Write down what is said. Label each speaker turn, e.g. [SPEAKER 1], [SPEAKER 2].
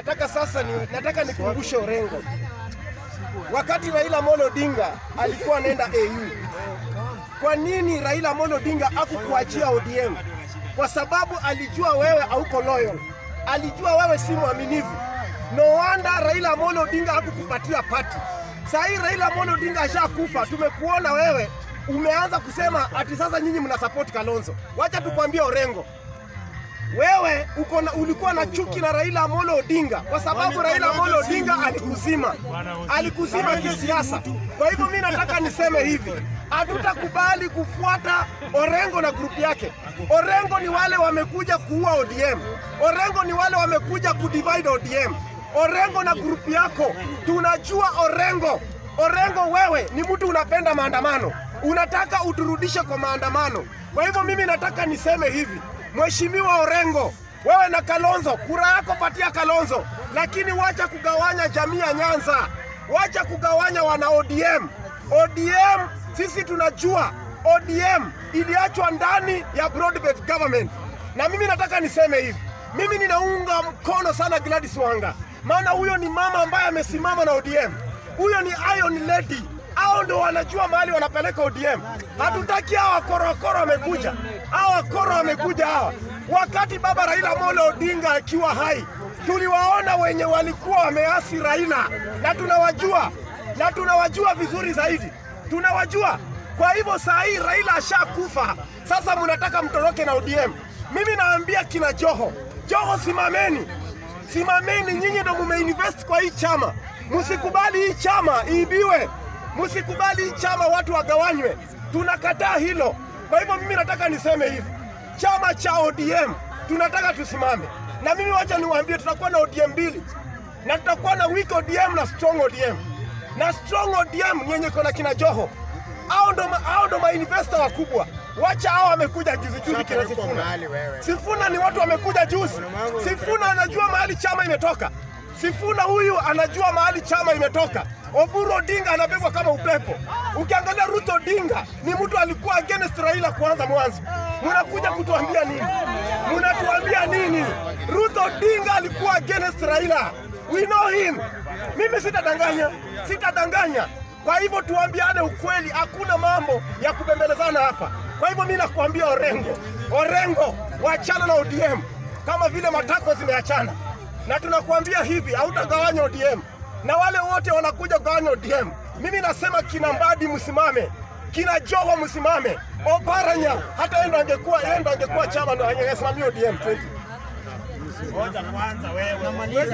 [SPEAKER 1] Nataka sasa ni, nataka nikumbushe Orengo wakati Raila Amolo Odinga alikuwa anaenda AU. Kwa nini Raila Amolo Odinga hakukuachia ODM? Kwa sababu alijua wewe hauko loyal, alijua wewe si mwaminifu. No wonder Raila Amolo Odinga hakukupatia pati. Saa hii Raila Amolo Odinga ashakufa, tumekuona wewe umeanza kusema ati sasa nyinyi mnasapoti Kalonzo. Wacha tukwambie Orengo wewe uko na, ulikuwa na chuki na Raila Amolo Odinga kwa sababu Raila Amolo Odinga alikuzima, alikuzima kisiasa. Kwa hivyo mimi nataka niseme hivi, hatutakubali kufuata Orengo na grupu yake. Orengo ni wale wamekuja kuua ODM. Orengo ni wale wamekuja kudivide ODM. Orengo na grupu yako, tunajua Orengo. Orengo, wewe ni mtu unapenda maandamano, unataka uturudishe kwa maandamano. Kwa hivyo mimi nataka niseme hivi Mheshimiwa Orengo, wewe na Kalonzo, kura yako patia Kalonzo, lakini wacha kugawanya jamii ya Nyanza, wacha kugawanya wana ODM. ODM sisi tunajua ODM iliachwa ndani ya broad-based government, na mimi nataka niseme hivi, mimi ninaunga mkono sana Gladys Wanga, maana huyo ni mama ambaye amesimama na ODM, huyo ni iron lady hao ndio wanajua mahali wanapeleka ODM. Hatutaki hawa wakorokoro wamekuja, hao wakoro wamekuja hawa. Wakati baba Raila Amolo Odinga akiwa hai, tuliwaona wenye walikuwa wameasi Raila, na tunawajua na tunawajua vizuri zaidi, tunawajua. Kwa hivyo saa hii Raila ashakufa, sasa mnataka mtoroke na ODM. Mimi naambia kina Joho, Joho, simameni, simameni, nyinyi ndo mumeinvest kwa hii chama, msikubali hii chama iibiwe msikubali chama watu wagawanywe, tunakataa hilo. Kwa hivyo mimi nataka niseme hivi, chama cha ODM tunataka tusimame, na mimi wacha niwaambie, tutakuwa na ODM mbili na tutakuwa na weak ODM na strong ODM, na strong ODM ni yenye kona kina Joho, hao ndo hao ndo mainvesta wakubwa. Wacha hao wamekuja juzi juzi kina Sifuna. Sifuna ni watu wamekuja juzi. Sifuna anajua mahali chama imetoka. Sifuna huyu anajua mahali chama imetoka. Oburu Odinga anabebwa kama upepo. Ukiangalia Ruto Odinga ni mtu alikuwa against Raila kuanza mwanzo. Munakuja kutuambia nini? Munatuambia nini? Ruto Odinga alikuwa against Raila. We know him. Mimi sitadanganya, sitadanganya. Kwa hivyo tuambiane ukweli, hakuna mambo ya kubembelezana hapa. Kwa hivyo mimi nakwambia Orengo, Orengo, wachana na ODM kama vile matako zimeachana na tunakuambia hivi, hautagawanya ODM na wale wote wanakuja kugawanya ODM. Mimi nasema kina Mbadi msimame, kina Joho msimame, Oparanya hata ndo angekuwa ndo angekuwa chama ndo angesimamia ODM 20 Ngoja kwanza wewe.